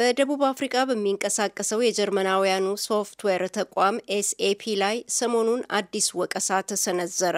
በደቡብ አፍሪቃ በሚንቀሳቀሰው የጀርመናውያኑ ሶፍትዌር ተቋም ኤስኤፒ ላይ ሰሞኑን አዲስ ወቀሳ ተሰነዘረ።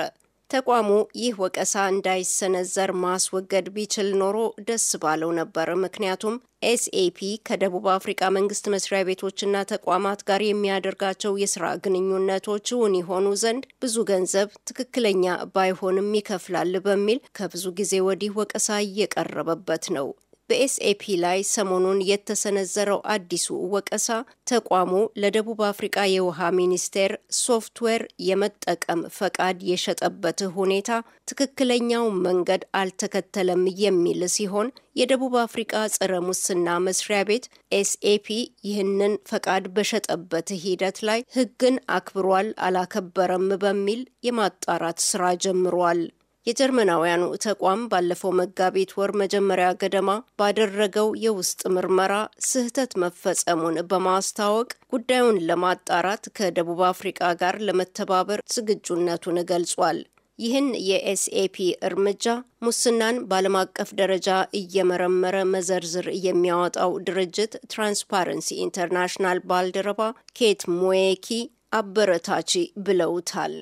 ተቋሙ ይህ ወቀሳ እንዳይሰነዘር ማስወገድ ቢችል ኖሮ ደስ ባለው ነበር። ምክንያቱም ኤስኤፒ ከደቡብ አፍሪካ መንግስት መስሪያ ቤቶችና ተቋማት ጋር የሚያደርጋቸው የስራ ግንኙነቶች እውን ይሆኑ ዘንድ ብዙ ገንዘብ ትክክለኛ ባይሆንም ይከፍላል በሚል ከብዙ ጊዜ ወዲህ ወቀሳ እየቀረበበት ነው። በኤስኤፒ ላይ ሰሞኑን የተሰነዘረው አዲሱ ወቀሳ ተቋሙ ለደቡብ አፍሪቃ የውሃ ሚኒስቴር ሶፍትዌር የመጠቀም ፈቃድ የሸጠበት ሁኔታ ትክክለኛው መንገድ አልተከተለም የሚል ሲሆን የደቡብ አፍሪቃ ጸረ ሙስና መስሪያ ቤት ኤስኤፒ ይህንን ፈቃድ በሸጠበት ሂደት ላይ ሕግን አክብሯል አላከበረም በሚል የማጣራት ስራ ጀምሯል። የጀርመናውያኑ ተቋም ባለፈው መጋቢት ወር መጀመሪያ ገደማ ባደረገው የውስጥ ምርመራ ስህተት መፈጸሙን በማስታወቅ ጉዳዩን ለማጣራት ከደቡብ አፍሪቃ ጋር ለመተባበር ዝግጁነቱን ገልጿል። ይህን የኤስኤፒ እርምጃ ሙስናን በዓለም አቀፍ ደረጃ እየመረመረ መዘርዝር የሚያወጣው ድርጅት ትራንስፓረንሲ ኢንተርናሽናል ባልደረባ ኬት ሞኪ አበረታች ብለውታል።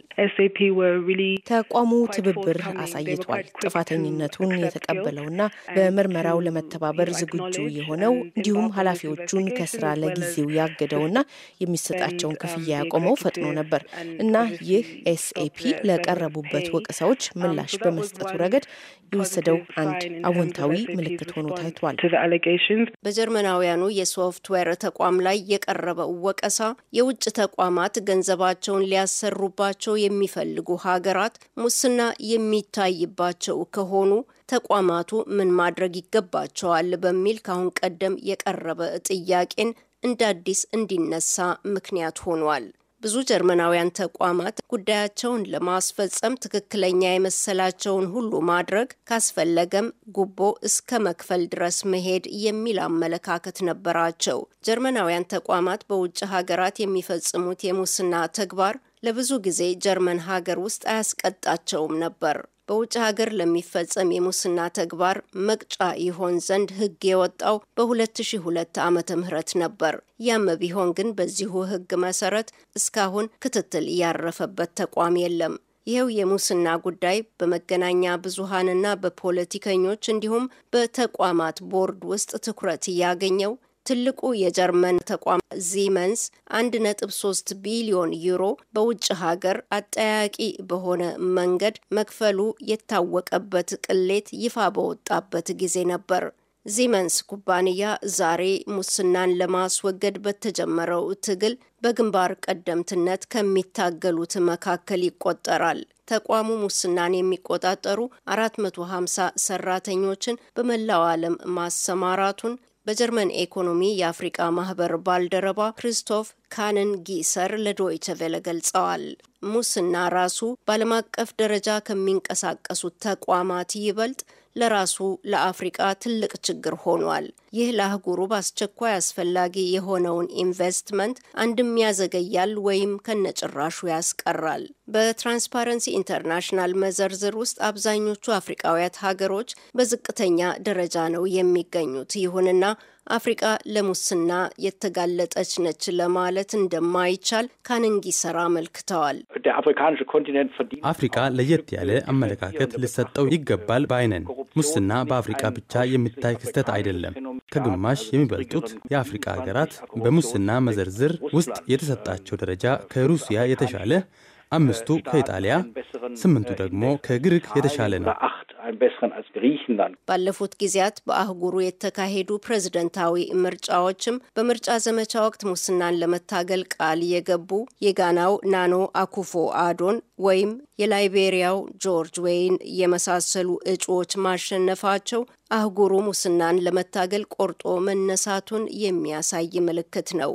ተቋሙ ትብብር አሳይቷል። ጥፋተኝነቱን የተቀበለውና በምርመራው ለመተባበር ዝግጁ የሆነው እንዲሁም ኃላፊዎቹን ከስራ ለጊዜው ያገደውና የሚሰጣቸውን ክፍያ um, ያቆመው ፈጥኖ ነበር እና ይህ ኤስኤፒ ለቀረቡበት ወቀሳዎች um, ምላሽ በመስጠቱ ረገድ የወሰደው አንድ አዎንታዊ ምልክት ሆኖ ታይቷል። በጀርመናውያኑ የሶፍትዌር ተቋም ላይ የቀረበው ወቀሳ የውጭ ተቋማት ገንዘባቸውን ሊያሰሩባቸው የሚፈልጉ ሀገራት ሙስና የሚታይባቸው ከሆኑ ተቋማቱ ምን ማድረግ ይገባቸዋል በሚል ካሁን ቀደም የቀረበ ጥያቄን እንደ አዲስ እንዲነሳ ምክንያት ሆኗል። ብዙ ጀርመናውያን ተቋማት ጉዳያቸውን ለማስፈጸም ትክክለኛ የመሰላቸውን ሁሉ ማድረግ ካስፈለገም ጉቦ እስከ መክፈል ድረስ መሄድ የሚል አመለካከት ነበራቸው። ጀርመናውያን ተቋማት በውጭ ሀገራት የሚፈጽሙት የሙስና ተግባር ለብዙ ጊዜ ጀርመን ሀገር ውስጥ አያስቀጣቸውም ነበር። በውጭ ሀገር ለሚፈጸም የሙስና ተግባር መቅጫ ይሆን ዘንድ ሕግ የወጣው በ2002 ዓመተ ምህረት ነበር። ያም ቢሆን ግን በዚሁ ሕግ መሰረት እስካሁን ክትትል ያረፈበት ተቋም የለም። ይኸው የሙስና ጉዳይ በመገናኛ ብዙሃንና በፖለቲከኞች እንዲሁም በተቋማት ቦርድ ውስጥ ትኩረት እያገኘው ትልቁ የጀርመን ተቋም ዚመንስ 1.3 ቢሊዮን ዩሮ በውጭ ሀገር አጠያቂ በሆነ መንገድ መክፈሉ የታወቀበት ቅሌት ይፋ በወጣበት ጊዜ ነበር። ዚመንስ ኩባንያ ዛሬ ሙስናን ለማስወገድ በተጀመረው ትግል በግንባር ቀደምትነት ከሚታገሉት መካከል ይቆጠራል። ተቋሙ ሙስናን የሚቆጣጠሩ 450 ሰራተኞችን በመላው ዓለም ማሰማራቱን በጀርመን ኢኮኖሚ የአፍሪቃ ማህበር ባልደረባ ክሪስቶፍ ካንን ጊሰር ለዶይቸ ቬለ ገልጸዋል። ሙስና ራሱ በዓለም አቀፍ ደረጃ ከሚንቀሳቀሱት ተቋማት ይበልጥ ለራሱ ለአፍሪቃ ትልቅ ችግር ሆኗል። ይህ ለአህጉሩ በአስቸኳይ አስፈላጊ የሆነውን ኢንቨስትመንት አንድም ያዘገያል ወይም ከነጭራሹ ያስቀራል። በትራንስፓረንሲ ኢንተርናሽናል መዘርዝር ውስጥ አብዛኞቹ አፍሪቃውያት ሀገሮች በዝቅተኛ ደረጃ ነው የሚገኙት። ይሁንና አፍሪቃ ለሙስና የተጋለጠች ነች ለማለት እንደማይቻል ካንንጊሰራ አመልክተዋል። አፍሪቃ ለየት ያለ አመለካከት ሊሰጠው ይገባል ባይነን። ሙስና በአፍሪቃ ብቻ የሚታይ ክስተት አይደለም። ከግማሽ የሚበልጡት የአፍሪቃ ሀገራት በሙስና መዘርዝር ውስጥ የተሰጣቸው ደረጃ ከሩሲያ የተሻለ አምስቱ äh, ከኢጣሊያ፣ ስምንቱ äh, ደግሞ ከግሪክ የተሻለ ነው። ባለፉት ጊዜያት በአህጉሩ የተካሄዱ ፕሬዝደንታዊ ምርጫዎችም በምርጫ ዘመቻ ወቅት ሙስናን ለመታገል ቃል የገቡ የጋናው ናኖ አኩፎ አዶን ወይም የላይቤሪያው ጆርጅ ዌይን የመሳሰሉ እጩዎች ማሸነፋቸው አህጉሩ ሙስናን ለመታገል ቆርጦ መነሳቱን የሚያሳይ ምልክት ነው።